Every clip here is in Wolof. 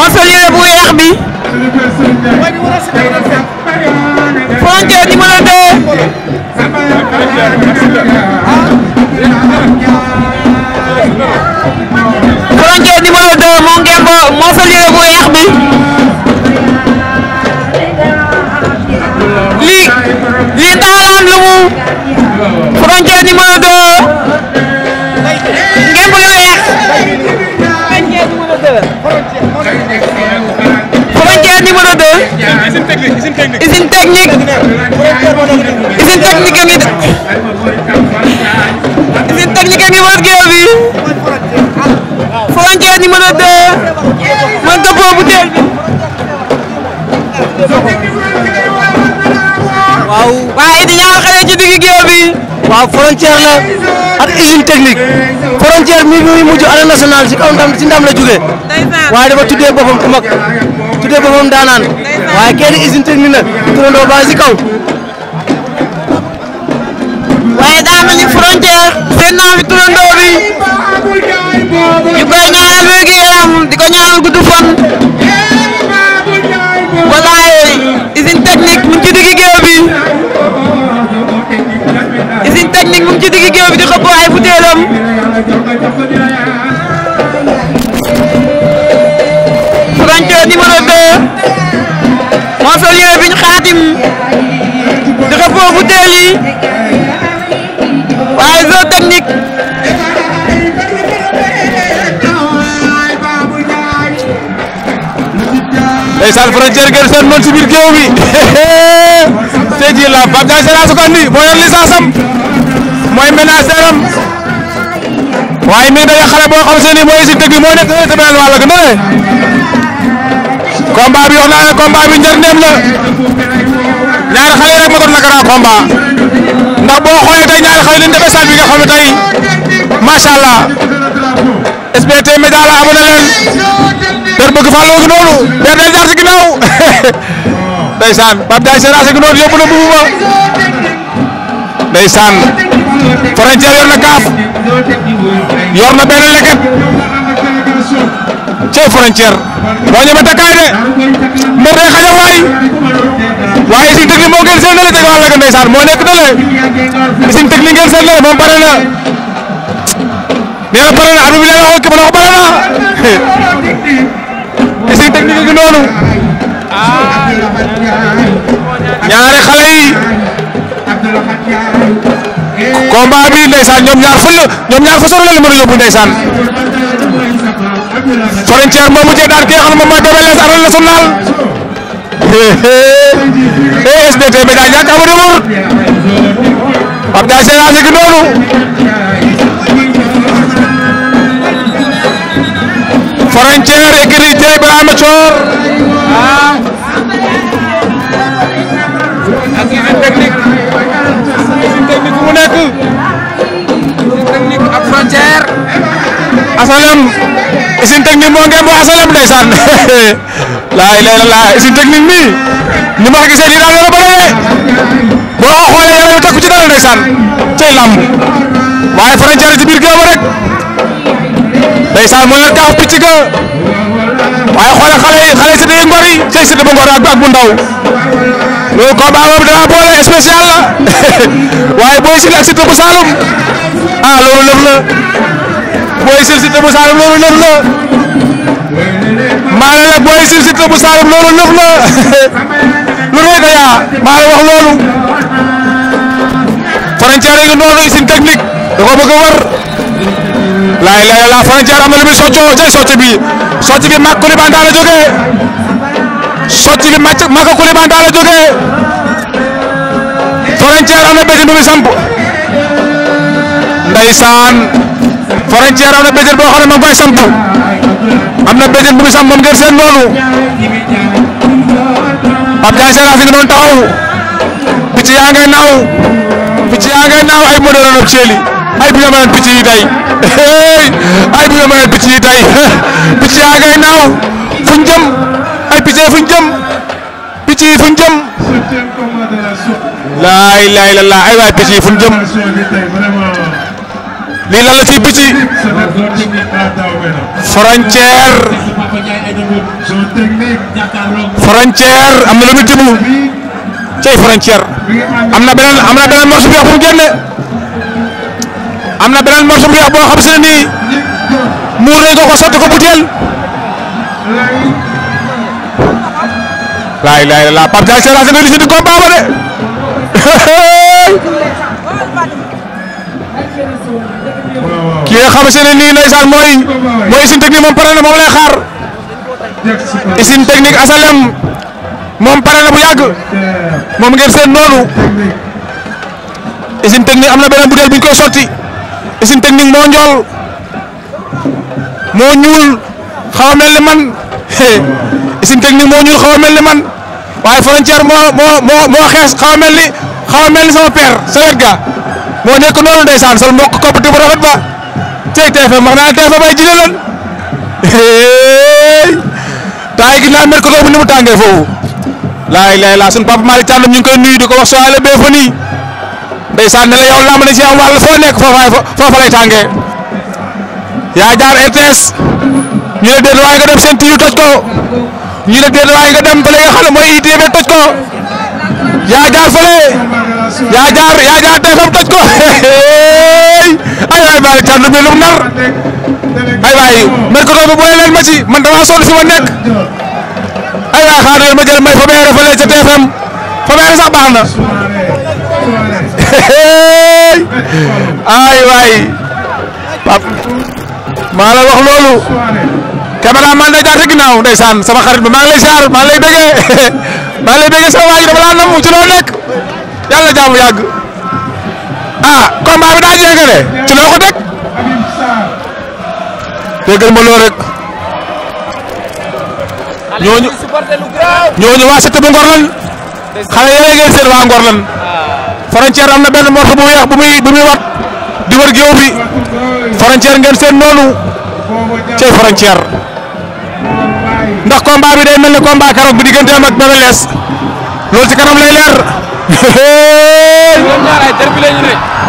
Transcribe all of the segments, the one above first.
moo sol yére bu weex bi frontière numéro 2 waaw frontière la ak usine technique frontière mi muy mujj arène si kaw si ndam la jógee waaye dafa tuddee boppam ku mag tuddee boppam daanaan waaye kenn usine technique la turandoo ba si kaw. waaye daa mel ni seen naa fi turandoo bi ñu koy ñaanal wér gi yaram di ko ñaanal gudd fan. Franco numéro 2 moo sol yére biñ xaatim dafa foofu teel yi waaye zo technique ndeysaan frontière guer seen noonu si biir géew bi tey jii la Pape Ndiaye Seras ko andi moo yor licence am mooy ménagère am waaye mi ngi daje xale boo xam se ni mooy si dëgg te beneen wàll gën a ne bi wax naa ne bi njëriñam la ñaari xale rek ma doon la grand combat boo xoolee tey ñaari xale liñ defee salle bi nga tey macha allah SBT Média na leen per bëgg fàllu gi noonu per del jaar si ginnaaw ndeysaan Pape Ndiaye Seras gi noonu yóbbu na buubu ba ndeysaan Frontier yor na kaaf yor na benn leket cee Frontier boo ñëwee takkaay de mbër day xaña waay waaye Usine Technique moo gën seen na la teg wàll nga ndeysaan moo nekk na le Usine Technique ngeen seen na la moom pare nee na pare na arbitre ba na ko pare na Usine Technique ngi noonu ñaari combat bi ndeysaan ñoom ñaar fu ñoom ñaar fa sori la li mën a yóbbu ndeysaan frontière moomu cee daan ki nga xam ne moom mooy Bébé Less arène nationale eh, eh, SDT bi daa ñàkk ama demur Pape fu mu nekk. usine technique ak frontière. asalam usine technique moo ngeen laa ilaaha illallaah usine technique bi ni ma ko gisee nii daal yor bëre boo ko xoolee yàlla takku ci dara ndeysaan cay làmb waaye frontière ci biir géew rek ndeysaan moo yor kaaf picc waaye xoole xale yi xale Siteu ngor yi tey ak ak loolu combat boobu dara boole spécial la waaye Boy Sine ah, loolu lëf la Boy loolu lëf la maa la Boy loolu lëf la lu rëy yaa maa la wax loolu frontière yi nga noonu seen technique da laay lay la frontière am na lu muy soccoo jël socc bi socc bi mag Coulibaly daal la jógee socc bi mag mag Coulibaly daal la jógee frontière am na béjjën bu muy samp ndeysaan frontière am na béjjën boo xam ne moom fay samp am na béjjën bu muy samp moom ngeen seen noonu Pape Diagne Seras fi nga doon taxaw picc yaa ngay naaw. maa ngay naaw ay Modou Lo Thiely ay bi nga mën picc yi day ay bi nga mën picc yi day picc yaa ngay naaw fuñ ay picc yi fuñ jëm. laay laay la laay ay waay picc yi fuñ lii lan picc yi am na lu muy cey frontière am na beneen am bu weex bu mu génne am na beneen morceau bu weex boo xam si ne nii muur nañ ko ko sotti ko butéel laay laay la Pape Diagne Seras nga di combat ba de ki nga xam si ne nii ndeysaan mooy mooy usine technique moom pare na moom lay xaar usine technique asalem moom pare na bu yàgg moom ngeen seen noonu usine technique am na beneen butéel bu ñu koy sotti usine technique moo njool moo ñuul xaw mel ni man usine technique moo ñuul xaw mel ni man waaye frontière moo moo moo moo xees xaw mel ni xaw a mel ni sama père sa wet ga moo nekk noonu ndeysaan sol mbokk koppati bu rafet ba ceeg TFM wax naa TFM ay jile lan taay gi naa mercredi bu ni mu tàngee foofu. laay laay laa suñu papa Malick Thiandoum ñu koy nuyu di ko wax soo aale bee fa nii ndeysaan ne la yow lamb na ci am wàll foo nekk foofa foofa lay tàngee yaa jaar RTS ñu ne déet waaye nga dem seen tiyu toj ko ñu ne déet waaye nga dem fële nga xam ne mooy ITV toj ko yaa jaar fële yaa jaar yaa jaar TFM toj ko ay waay Malick Thiandoum bi lu mu nar ay waay mercato bi boole leen ma ci man damaa sonn fi ma nekk. aywa xaaral ma jël may Fabien fële ca TFM Fabien sax baax na ay waay maa la wax loolu caméraman day jaate ginnaaw ndeysaan sama xarit bi maa ngi lay maa ngi lay maa ngi lay bëggee sama waa ji dama laa ci loo nekk yàlla jaamu yàgg ah combat bi daa jeexale ci loo ko teg déggal ma loolu ñooñu ñooñu waa cité bu Ngor lan xale yooyu ngeen seen waa ah. am na benn morso bu weex bu muy wat di wër géew bi frontière ngeen seen noonu cay frontière ndax combat bi day mel ne combat keroog bi digganteem ak Bébé Less loolu ci kanam lay leer.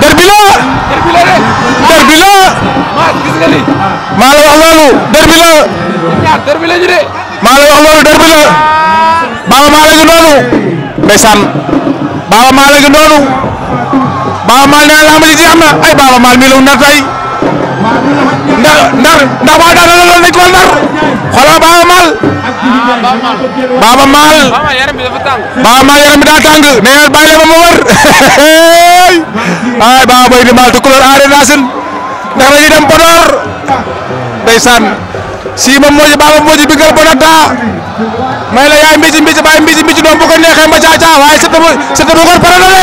derbi la derbi la la maa la wax loolu maa lay loolu derbi la Baba Maal ngi noonu ndeysaan Baba Maal ngi noonu Baba Maal nee na ji jeex na ay Baba Maal mi lu nar tey ndax ndax ndax waa daan la loolu dañ ko nar xoolal Maal Baba Maal yaram bi daa tàng nee na ba ma ay Baba Boy di Maal tukulóor aare naa seen ndax dañuy dem Siba Mbodj Baba Mbodj Biguel Bonata may la yaay mbici mbici baay mbici mbici doom bu ko neexee ma caaca waaye Siteu bu Siteu bu Ngor pare na de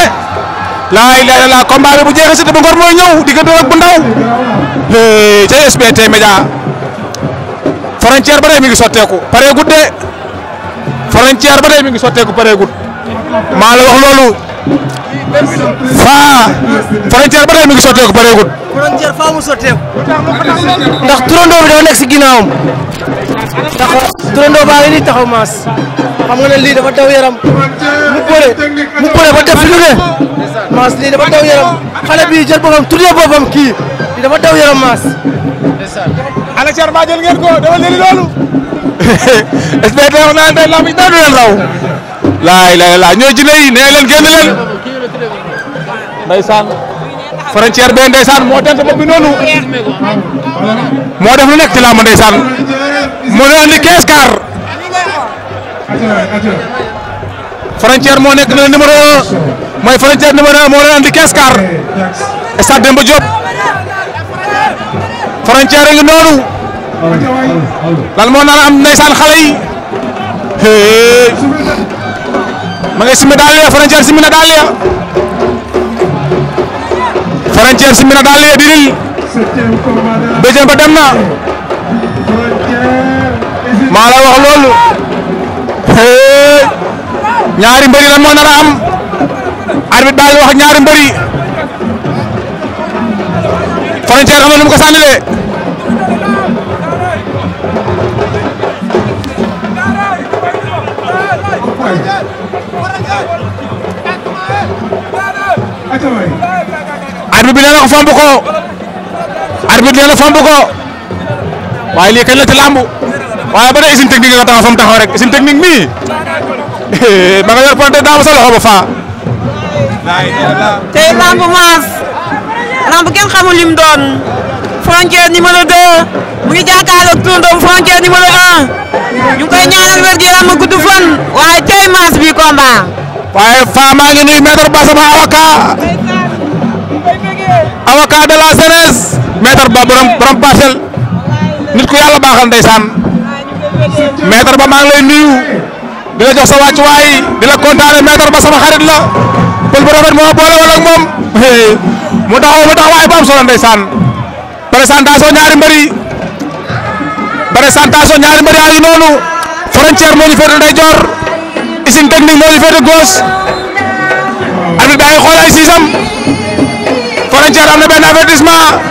laa ilaaha illallaah combat bi bu jeexee Siteu bu Ngor mooy ñëw diggante ak bu ca SBT Média frontière ba tey mi ngi sotteeku pare gud ba tey mi ngi sotteeku pare gud maa la wax loolu faa frontière ba tey mi ngi sotteeku pare bu doon jël faaw mu sotteeku. turandoo bi dafa nekk si ginnaawam. taxaw turandoo baa ngi nii taxaw maas. xam nga ne lii dafa daw yaram. mu bëre mu bëre ba def lu maas lii dafa daw yaram. xale bi jël boppam tuddee boppam kii. lii dafa daw yaram maas. ana car ba ngeen ko dama leen loolu. espère que wax naa ne lamb yi daal du leen frontière bee ndeysaan moo tent bopp bi noonu moo def lu nekk ci làmb ndeysaan moo doon andi 15 car frontière moo nekk na numéro 1 mooy frontière numéro 1 moo doon andi 15 car stade Demba Diop frontière ngi noonu lan moo nar a am ndeysaan xale yi ma nga simi daal ya frontière simi na daal ya frontière si mbir na daal lee diril béjjën ba dem na maa la wax loolu ñaari mbëri lan moo nar a am arbitre daal wax ñaari mbëri frontière am na ko famb ko arbitre nee na famb waaye lii la ci làmb waaye ba tey usine technique nga taxaw fa mu taxaw rek usine technique mii ma nga daa ma sa loxo ba faa. tey làmb maas làmb kenn xamul lim doon frontière numéro 2 mu ngi jàkkaarloog turandoom frontière numéro 1 ñu koy ñaanal wér gi yaram gudd fan waaye tey maas bi combat. waaye faa maa ngi nuyu maître Bassama avocat. avocat de la jeunesse maître ba borom borom parcelle nit ku yàlla baaxal ndeysaan maître ba maa ngi di la jox sa wàccuwaay di la kontaane maître ba sama xarit la pël bu rafet moo boole wala ak mu taxaw mu taxawaay bu am solo ndeysaan présentation ñaari mbëri présentation ñaari noonu frontière moo ñu féete ndeyjoor usine technique moo ñu féete gauche arbitre bi daa ngi siisam Frontière am na benn avertissement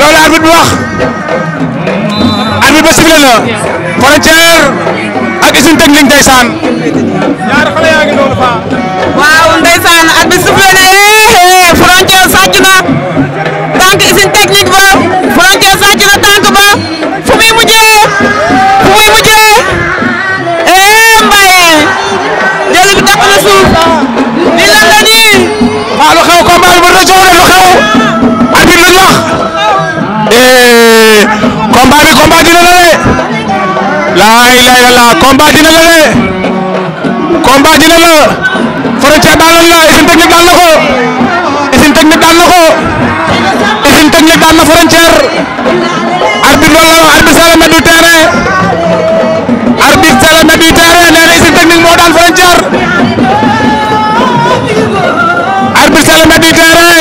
loolu arbitre bi wax arbitre ba sifflé na Frontière ak usine technique ndeysaan ñaar xale yaa ngi noonu fa waaw ndeysaan arbitre sifflé na Frontière sàcc na tànk usine technique ba Frontière de combat bi combat dina la de laa ilaha illallah combat dina la de combat dina la frontière daanoon la usine technique daan na ko usine technique daan ko usine technique daan na frontière arbitre la wax arbitre sala met du terrain arbitre sala met du terrain nee